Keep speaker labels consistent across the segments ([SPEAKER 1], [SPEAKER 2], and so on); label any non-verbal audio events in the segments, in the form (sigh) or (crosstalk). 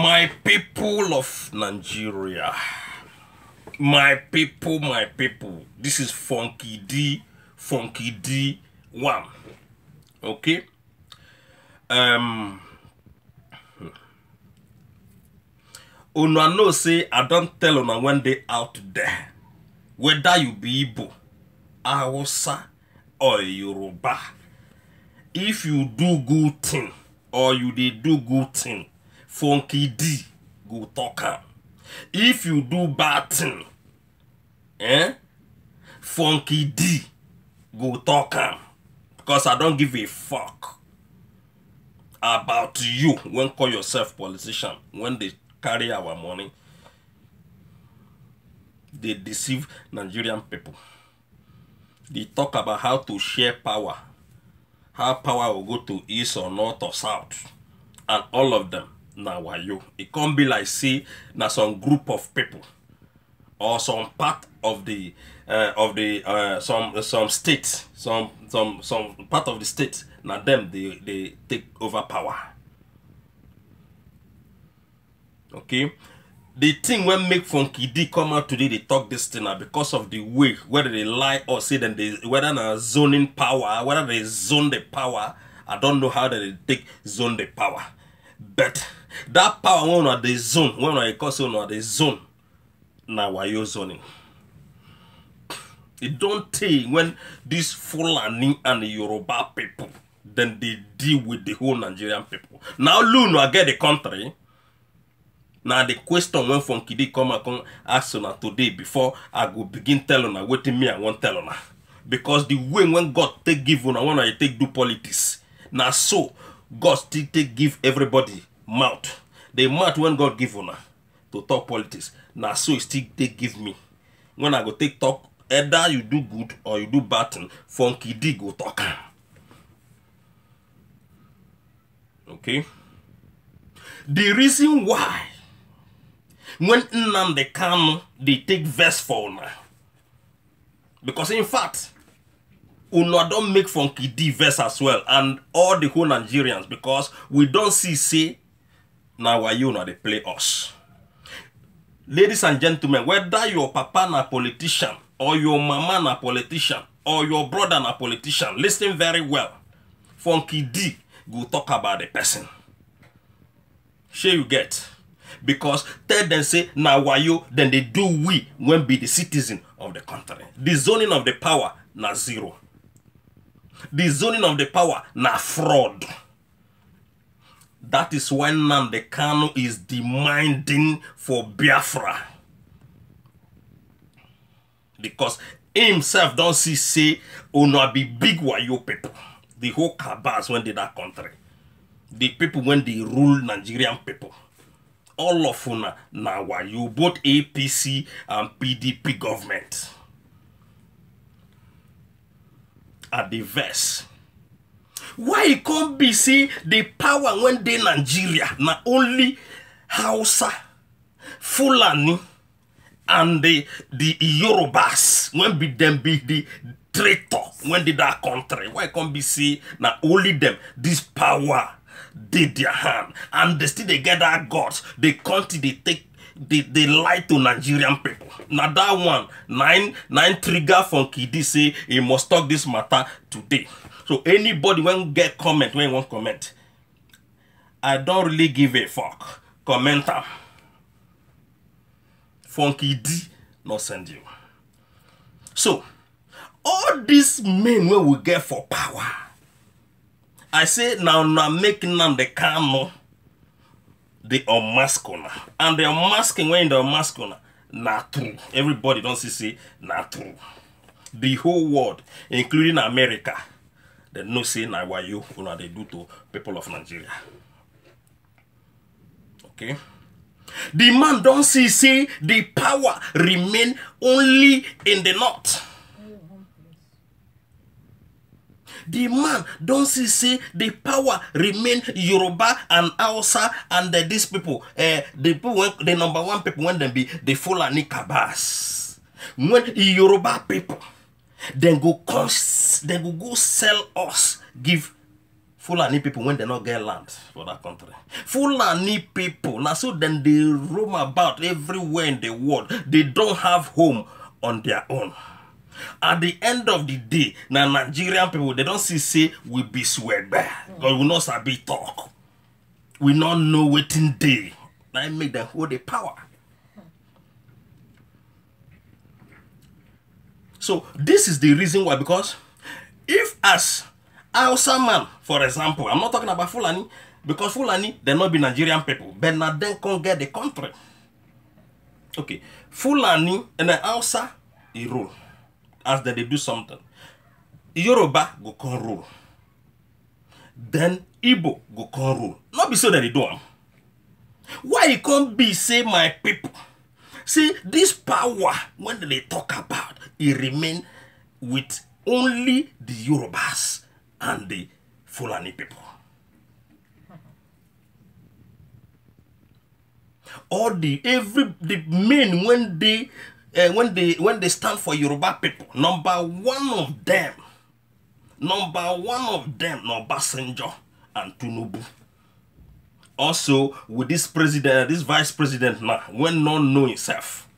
[SPEAKER 1] My people of Nigeria. My people, my people. This is Funky D, Funky D one. Okay? Um hmm. una no say i don't tell una when they out there whether you be igbo hausa or yoruba if you do good thing or you they do good thing funky d go talk if you do bad thing eh funky d go talk because i don't give a fuck about you when call yourself politician When they carry our money they deceive nigerian people. They talk about how to share power how power will go to east or north or south and all of them. na wayo e come be like say na some group of people or some part of the uh, of the uh, some some state some some some part of the state na them they they take over power okay the thing wey make funky d come out today dey talk this thing na because of the way whether they lie or say dem dey whether na zoning power whether they zone the power i don't know how they take zone the power but that power wey una dey zone wey una dey call say una dey zone na wayo zoning e don tey when dis fulani and yoruba people dem dey deal with the whole nigerian people. na only una get the country na the question wey fonkidi come and come ask una today before i go begin tell una wetin me i wan tell una because the way when god take give una when una dey take do politics na so god still take give everybody mouth the mouth when god give una to talk politics now so e still give me when i go take talk either you do good or you do bad thing funky d go talk okay the reason why when the kanu they take verse for una because in fact don't make funky d verse as well and all the whole nigerians because we don't see say Now, why you una they play us ladies and gentlemen whether your papa na politician or your mama na politician or your brother na politician listen very well funky d go talk about the person shey you get because tell dem say now why you then they do we wen be the citizen of the country the zoning of the power na zero the zoning of the power na fraud That is when the cano is demanding for Biafra. Because himself don't see say una be big wayo people. The whole Kabas when they that country. The people when they rule Nigerian people. All of una na you both APC and PDP government. Are the verse why e come be say the power wey dey nigeria na only hausa fulani and the the yorubas wey be dem be the traitor wey dey that country why come be say na only dem this power dey their hand and they still dey get that guts the country dey take they they lie to nigerian people na that one nine nine trigger from dey say he must talk this matter today so anybody when get comment wey want comment i don't really give a fuck comment am funky d no send you so all these men wey we get for power i say now now making them the dey the una and the unmasking when dey unmask not true everybody don't see see not true the whole world including america They no say na wayo una dey do to people of nigeria okay the man don't see say the power remain only in the north the man don see say the power remain yoruba and hausa and uh, these people uh, the people wey the number one people wey dem be the fulani kabas when yoruba people Then go cause then go go sell us give fulani people when they not get land for that country fulani people now so then they roam about everywhere in the world They don't have home on their own at the end of the day now nigerian people they don't see say we be swegbe but we no sabi talk. we not know waiting day. na im make them hold the power So this is the reason why because if as Hausa man, for example, I'm not talking about Fulani because Fulani they're not be Nigerian people, but now then can't get the country. Okay, Fulani and then Hausa he rule as that they do something. Yoruba go con rule. Then Igbo go con rule. Not be so that they do am. Why you can't be say my people? See this power when they talk about he remained with only the Yorubas and the Fulani people. All the every the men when they uh, eh, when they when they stand for Yoruba people, number one of them, number one of them, Obasanjo and Tunubu. Also, with this president, eh, this vice president now, when not know himself,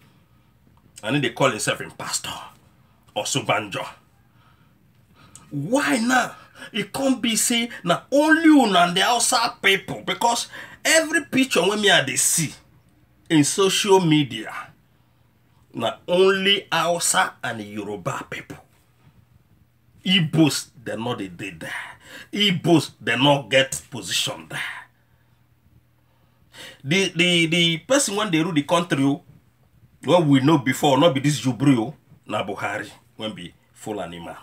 [SPEAKER 1] and then they call himself a pastor. Osubanjo. Why now? It can't be say na only una and the outside people because every picture when me are they see in social media na only Hausa and Yoruba people. Igbos they not dey dey there. Igbos they not get position there. The the the person when they rule the country oh, wey we know before not be this Jubri o na Buhari. won't be full animal.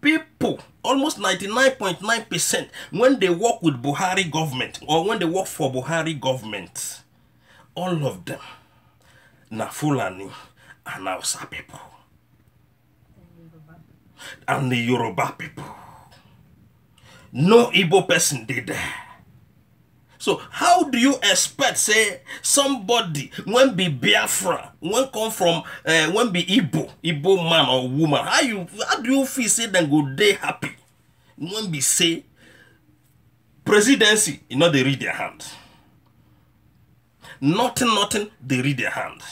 [SPEAKER 1] People, almost 99.9% percent when they work with Buhari government or when they work for Buhari government, all of them, na Fulani and Hausa people. And the Yoruba people. No Igbo person did that. so how do you expect say somebody when be biafra when come from eh, when be igbo igbo man or woman how you how do you feel say dem go day happy when be say presidency you e know they read their hand nothing nothing they read their hand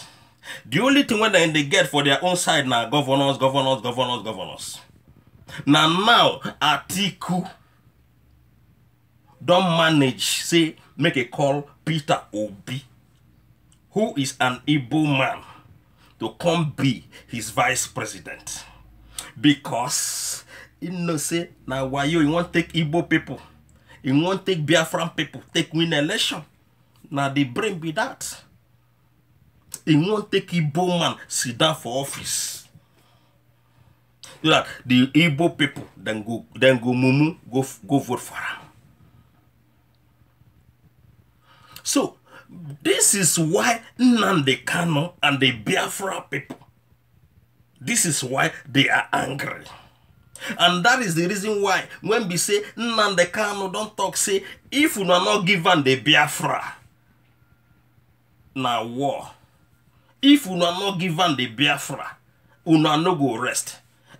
[SPEAKER 1] the only thing when they get for their own side now governors governors governors governors na now atiku don manage say make a call peter obi who is an igbo man to come be his vice president because he know say na wayo he wan take igbo people, he wan take biafran people take win election na di brain be that, he wan take igbo man sit down for office so dat di igbo pipo dem go mumu go vote for am So, this is why Nnamdi Kano and the Biafra people, this is why they are angry. And that is the reason why when we say Nnamdi Kano don't talk, say if we are not given the Biafra, na war. If we are not given the Biafra, we are not go rest.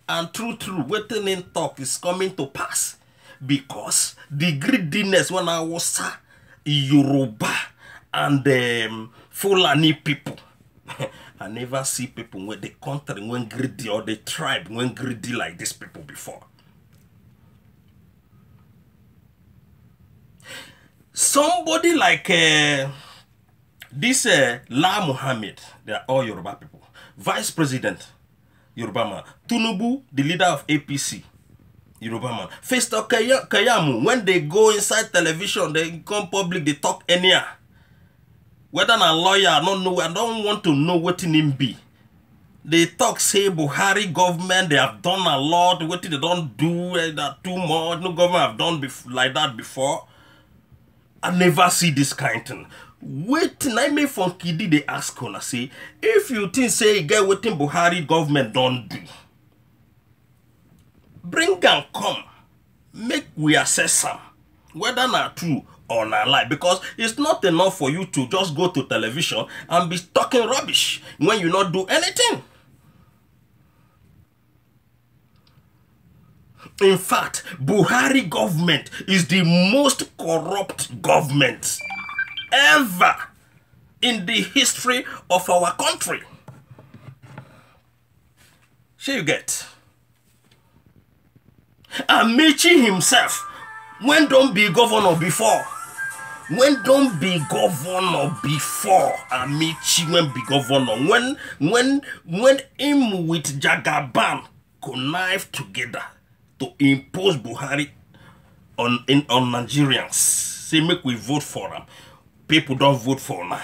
[SPEAKER 1] And true, true, waiting in talk is coming to pass because the greediness when I was sad, yoruba and um, fulani people (laughs) i never see people when the country when greedy or the tribe when greedy like these people before somebody like uh, this uh, la muhammad they are all yoruba people vice president yoruba man tinubu the leader of apc Yoruba man. Festo Kayamu, when they go inside television, they come public, they talk anyhow. Whether a lawyer, I don't know, I don't want to know what in him be. They talk say Buhari government, they have done a lot, What they don't do, eh, that too much, no government have done bef like that before. I never see this kind thing. Wait, i mean from kidi They ask una say if you think say get what in buhari government don't do bring and come make we assess am whether na true or na lie because it's not enough for you to just go to television and be talking rubbish when you not do anything in fact buhari government is the most corrupt government ever in the history of our country shey you get Amichi himself, when don't be governor before, when don't be governor before Amichi, when be governor, when when when him with Jagaban connive together to impose Buhari on in, on Nigerians, say make we vote for him, people don't vote for him.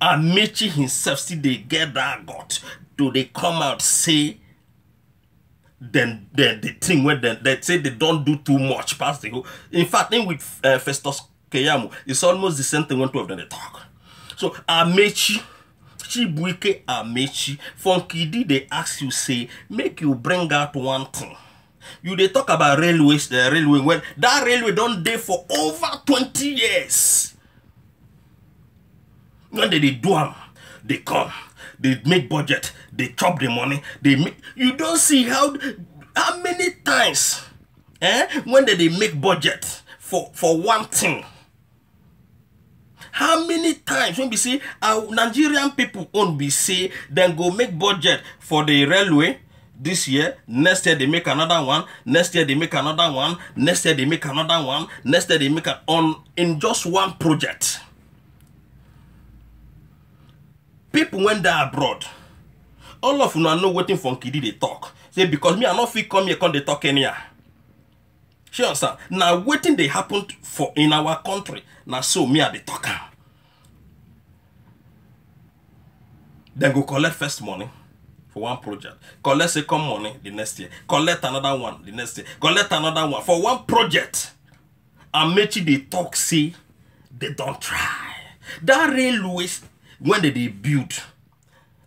[SPEAKER 1] Amichi himself see they get that got, do they come out say then the the thing where they, they say they don't do too much past the whole. In fact, in with uh, Festus Keyamo, it's almost the same thing when two of them they talk. So Amechi, Chibuike Amechi, Funky D, they ask you say make you bring out one thing. You they talk about railways, the uh, railway. Well, that railway done there for over twenty years. When they, they do them, they come. they make budget, they chop the money, they make, you don't see how, how many times, eh, when did they make budget for, for one thing, how many times when we see our nigerian people own we say then go make budget for the railway this year next year they make another one next year they make another one next year they make another one next year they make on in just one project people wen dey abroad all of are not waiting for funkidi dey talk say because me i not fit come here come dey talk anyhow shey understand na wetin dey happen for in our country Now so me i dey talk Then go collect first money for one project collect second money the next year collect another one the next year collect another one for one project make you the talk see. they don't try that railway. when they build?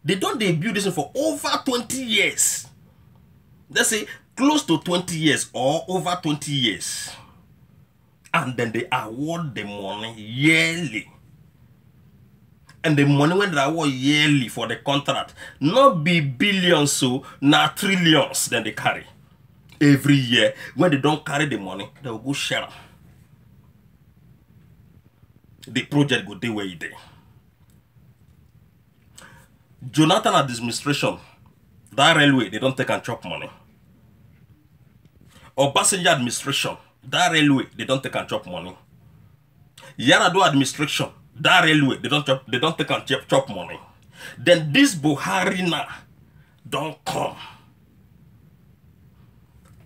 [SPEAKER 1] They don't debut build this for over 20 years. Let's say close to 20 years or over 20 years. And then they award the money yearly. And the money when they award yearly for the contract, not be billions, so not trillions, then they carry. Every year, when they don't carry the money, they will go share. The project will do where it is. jonathan administration that railway they don't take and chop money obasanjo administration that railway they don't take and chop money yar'adua administration that railway they don't chop they don't take and chop, chop money then this buhari na don come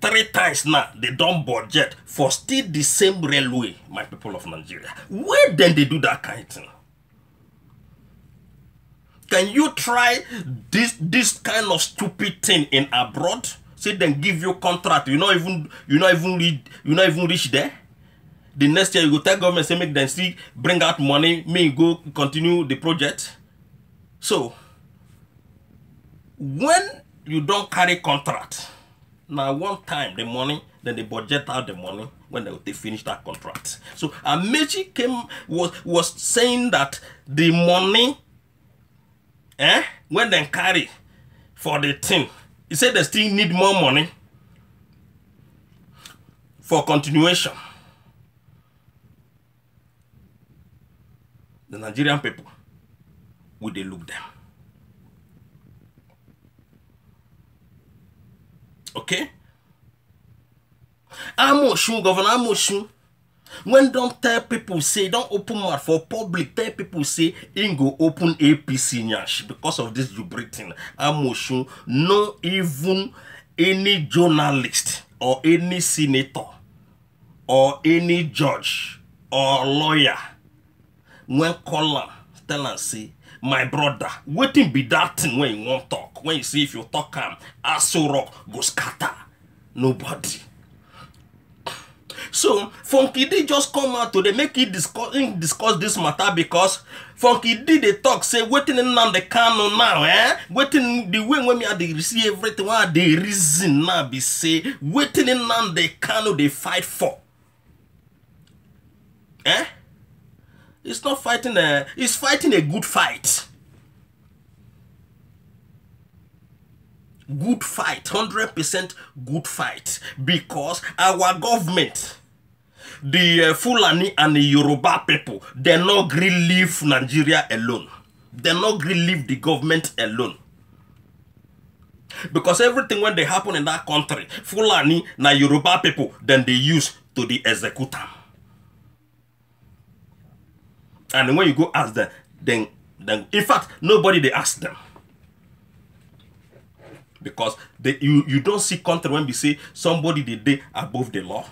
[SPEAKER 1] three times now they don't budget for still the same railway my people of nigeria where then they do that kind of thing Can you try this this kind of stupid thing in abroad? Say then give you contract. You not even you not even reach you not even reach there. The next year you go tell government say make them see bring out money. Me go continue the project. So when you don't carry contract, now one time the money then they budget out the money when they, they finish that contract. So Amechi came was was saying that the money eh when they carry for the thing he said they still need more money for continuation the nigerian people would dey look them. okay amosun governor amosun when don't tell people say don't open mouth for public tell people say im go open apc nyash because of dis jubritin amosun no even any journalist or any senator or any judge or lawyer when call am tell am say my brother waiting be that thing when you wan talk when you see if you talk am aso rock go scatter nobody So Funky D just come out today make he discuss him discuss this matter because Funky D dey talk say wetin Nnamdi Kanu now eh wetin the way wey me I dey see everything wey I dey reason now be say wetin Nnamdi Kanu dey fight for. Eh? It's not fighting a, eh? it's fighting a good fight. good fight 100% good fight because our government the uh, Fulani and the Yoruba people, they not agree leave Nigeria alone. They not agree leave the government alone. Because everything when they happen in that country, Fulani na Yoruba people, then they use to the executor. And when you go ask them, then, then in fact, nobody they ask them. Because they, you, you don't see country when we say somebody they, they above the law.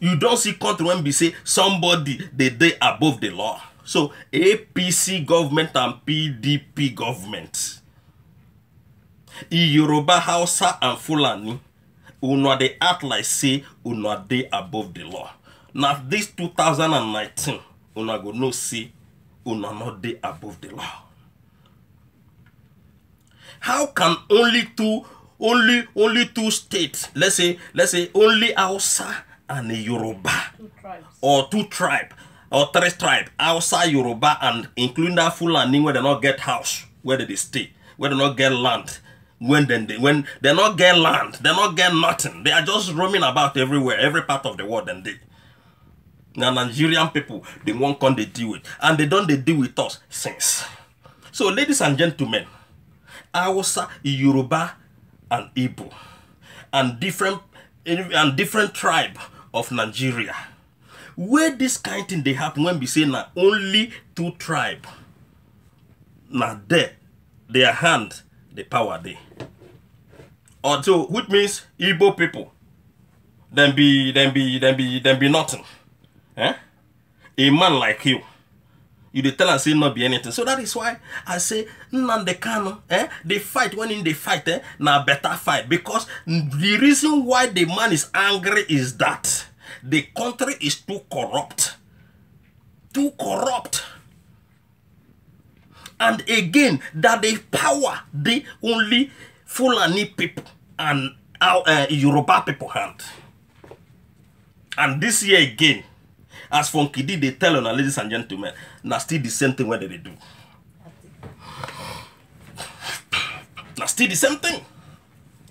[SPEAKER 1] you don't see country wey be say somebody dey dey above the law so apc government and pdp government yoruba hausa and fulani una dey act like say una dey above the law na dis 2019 una go know say una no dey above the law how can only two only only two states let's say let's say only hausa and Yoruba, or two tribe, or three tribe outside Yoruba and including that full Fulani where they not get house, where they stay, where they not get land. When then they when they not get land, they not get nothing. They are just roaming about everywhere, every part of the world and they. Now Nigerian people, they won't come they deal with. And they don't they deal with us since. So ladies and gentlemen, Hausa, Yoruba, and Igbo, and different and different tribe of nigeria where this kind thing they happen when be say na only two tribe na there their hand the power they. Also, which means igbo people, then be then be then be nothing eh a man like you you dey tell and say not be anything so that is why i say nnamdi kanu eh They fight when in the fight eh better fight because the reason why the man is angry is that the country is too corrupt too corrupt and again that the power they only fulani people and our uh, yoruba people hand and this year again as funky did dey tell on ladies and gentlemen Now still the same thing What dem they do Now still the same thing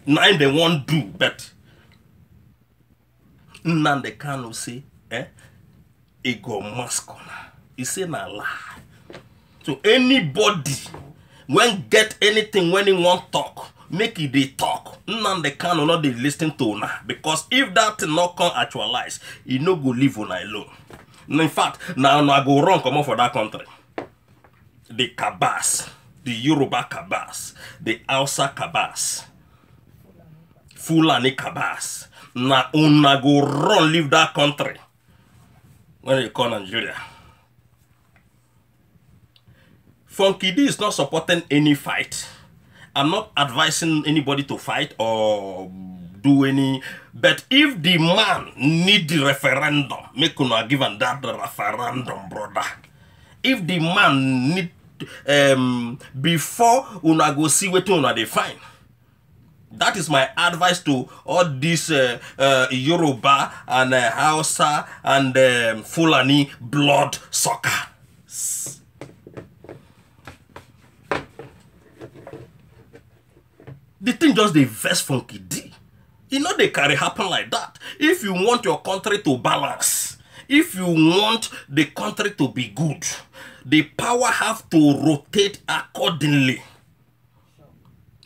[SPEAKER 1] na im dem wan do bet nnamdi kanu say eh, e go mask una e say na lie so anybody when get anything when he wan talk make e dey tok nnamdi kanu no dey lis ten to una Because if dat thing no come actualize e no go leave una alone in fact na una go run comot for dat country di kabas di yoruba kabas di hausa kabas fulani kabas na una go run leave dat country wen you call nigeria funky d is not supporting any fight I'm not advising anybody to fight or do any. But if the man need the referendum, make una give him that referendum, brother. If the man need um, before una go see wetin una dey define. That is my advice to all these uh, uh, Yoruba and uh, Hausa and um, Fulani blood suckers. the thing just vest for funky you know the carry happen like that if you want your country to balance if you want the country to be good the power have to rotate accordingly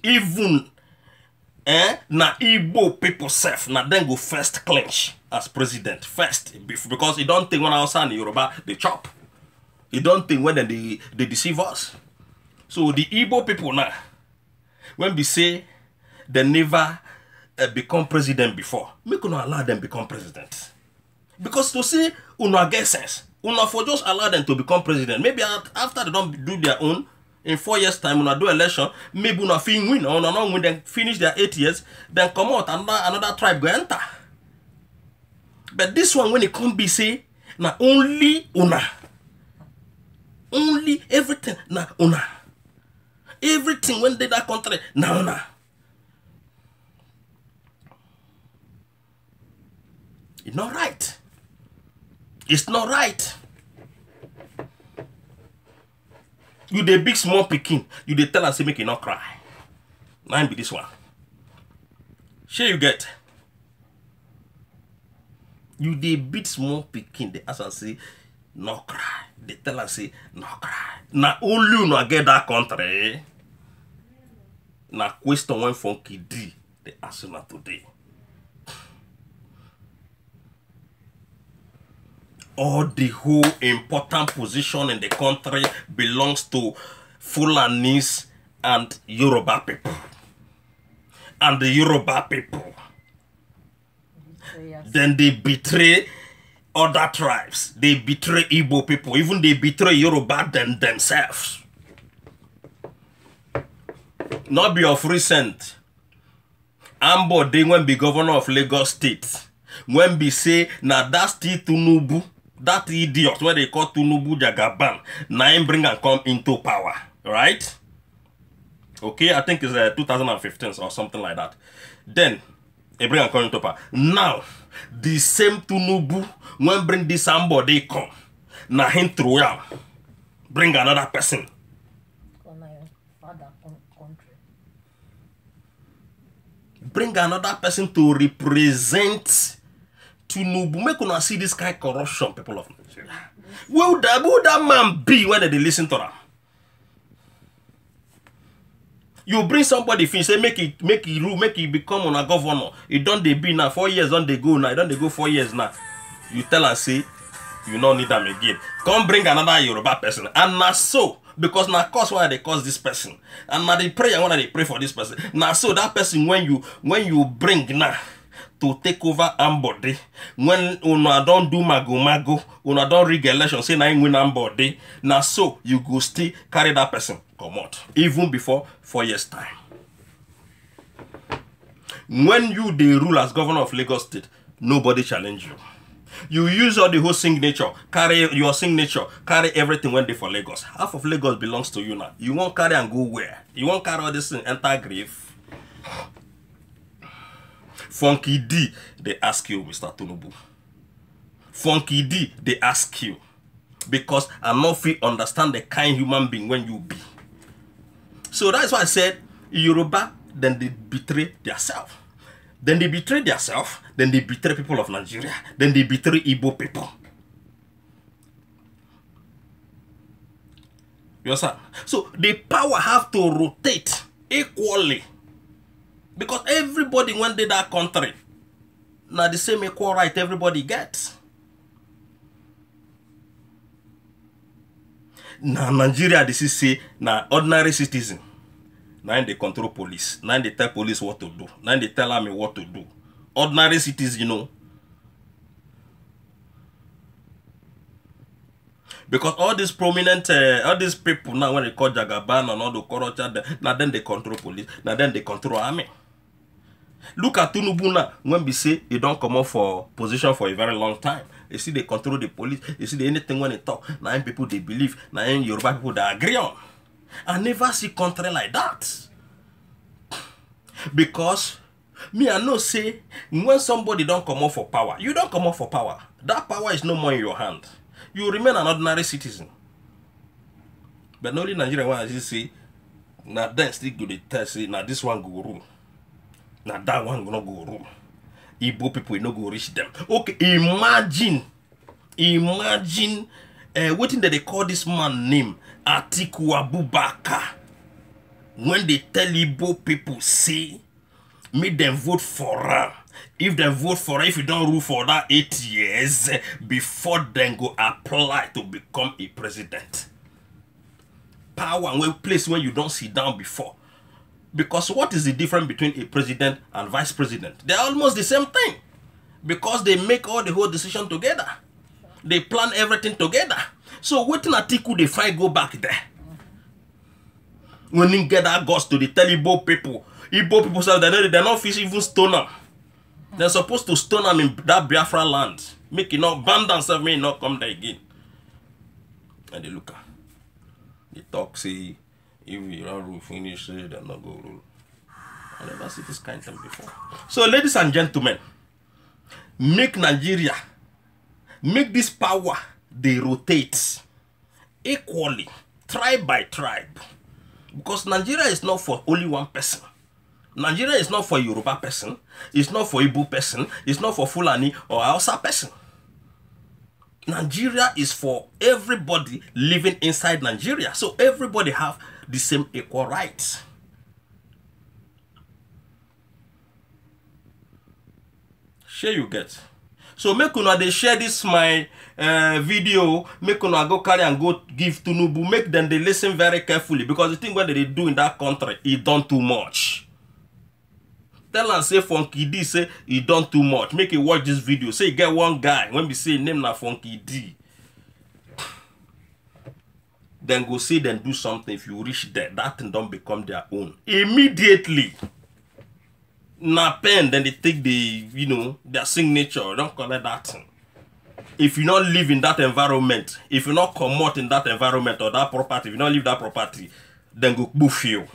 [SPEAKER 1] even eh, na igbo people self na dem go first clench as president first because don't think when I hausa in yoruba they chop don't think when they they deceive us so the igbo people now when we say they never uh, become president before make una allow them become president because to say una get sense una for just allow them to become president maybe after they don't do their own in four years time una do election maybe una fit win or una not win then finish their eight years then come comot another another tribe go enter but this one when it come be say na only una only everything na una everything when they that country na una e no right it's not right you the big small picking. you the tell us say make you e not cry na be dis one Sure you get you the big small picking. The ask am say not cry dey tell us say na cry na only una get dat country na question wey funky d dey ask una today all the whole important position in the country belongs to Fulanis and Yoruba people. And the Yoruba people. Yes. Then they betray other tribes. They betray Igbo people. Even they betray Yoruba than themselves. Not be of recent. Ambo they when be governor of Lagos State. When be say now that's Tunubu, that idiot where they call Tunubu Jagaban, now bring and come into power. Right? Okay, I think it's uh, 2015 or something like that. Then, they bring and come into power. Now, the same Tunubu, when bring this somebody come, na him throw out, bring another person. Bring another person to represent Tunubu. Make una see this kind of corruption, people of Nigeria. Will that, will that man be when they listen to that? you bring somebody finish say make e make e rule make e become una governor e don dey be now four years don dey go now e don dey go four years now you tell am say you no need am again come bring another yoruba person and na so because na cause why i dey curse this person and na the prayer wey i dey pray for this person na so that person when you when you bring now to take over ambody when una don do mago-mago una don rig election say na him win ambody na so you go still carry that person comot even before four years time when you dey rule as governor of lagos state nobody challenge you you use all the whole signature carry your signature carry everything wey dey for lagos half of lagos belongs to you now you wan carry am go where you wan carry all this thing enter grave Funky D, they ask you, Mr. Tunubu. Funky D, they ask you. Because I know if you understand the kind human being when you be. So that's why I said, Yoruba, then they betray themselves. Then they betray themselves. Then they betray people of Nigeria. Then they betray Igbo people. You understand? So the power have to rotate equally because everybody when they that country now the same equal right everybody gets. Now nigeria dey see say na ordinary citizen Now they control police Now they tell police what to do Now they tell army what to do ordinary citizen you know because all these prominent uh, all these people now when they call jagaban and all the corruption now then they control police Now then they control army look at tinubu now when be say e don comot for position for a very long time e still dey control the police e still dey anything wey e talk na im people dey believe na im yoruba people dey agree on i never see country like that because me i know say when somebody don comot for power you don comot for power that power is no more in your hand you remain an ordinary citizen but na only nigeria wey i see say na dem still go dey tell say na this one go rule na that one no go room igbo people no go reach them okay imagine imagine uh, wetin dem dey call this man name atiku abubakar when they tell igbo people say make dem vote for am if dem vote for am if you don rule for that eight years before dem go apply to become a president power wey place wey you don sit down before Because what is the difference between a president and vice president? They're almost the same thing. Because they make all the whole decision together. They plan everything together. So waiting Atiku they fight go back there. When you get that to the tell Igbo people, Igbo people say they they're not fish even stone them. They're supposed to stone them in that Biafra land. Make it not ban themselves, may not come there again. And they look at, they talk, see if you don't rule finish, it, they're not go rule. I never see this kind of thing before. So, ladies and gentlemen, make Nigeria, make this power, they rotate equally, tribe by tribe. Because Nigeria is not for only one person. Nigeria is not for Yoruba person, it's not for Igbo person, it's not for Fulani or Hausa person. Nigeria is for everybody living inside Nigeria. So everybody have the same equal rights. Share you get. So make una they share this my uh, video. Make una go carry and go give to Nubu. Make them they listen very carefully because the thing what they do in that country, it done too much. Tell and say Funky D say he done too much. Make you watch this video. Say get one guy when we say name na Funky D then go see them do something. If you reach there, that thing don't become their own. Immediately. Na pen, then they take the, you know, their signature. Don't it that thing. If you not live in that environment, if you not come out in that environment or that property, if you not leave that property, then go boof you.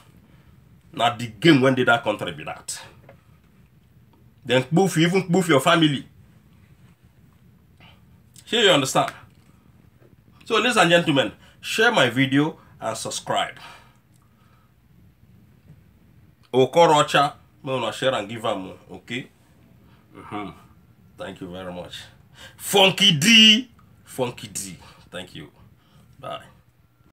[SPEAKER 1] Now the game when did that country be that? Then boof you, even boof your family. Here you understand. So ladies and gentlemen, share my video and subscribe okorocha may una share and give am okay mm -hmm. thank you very much funky d funky d thank you bye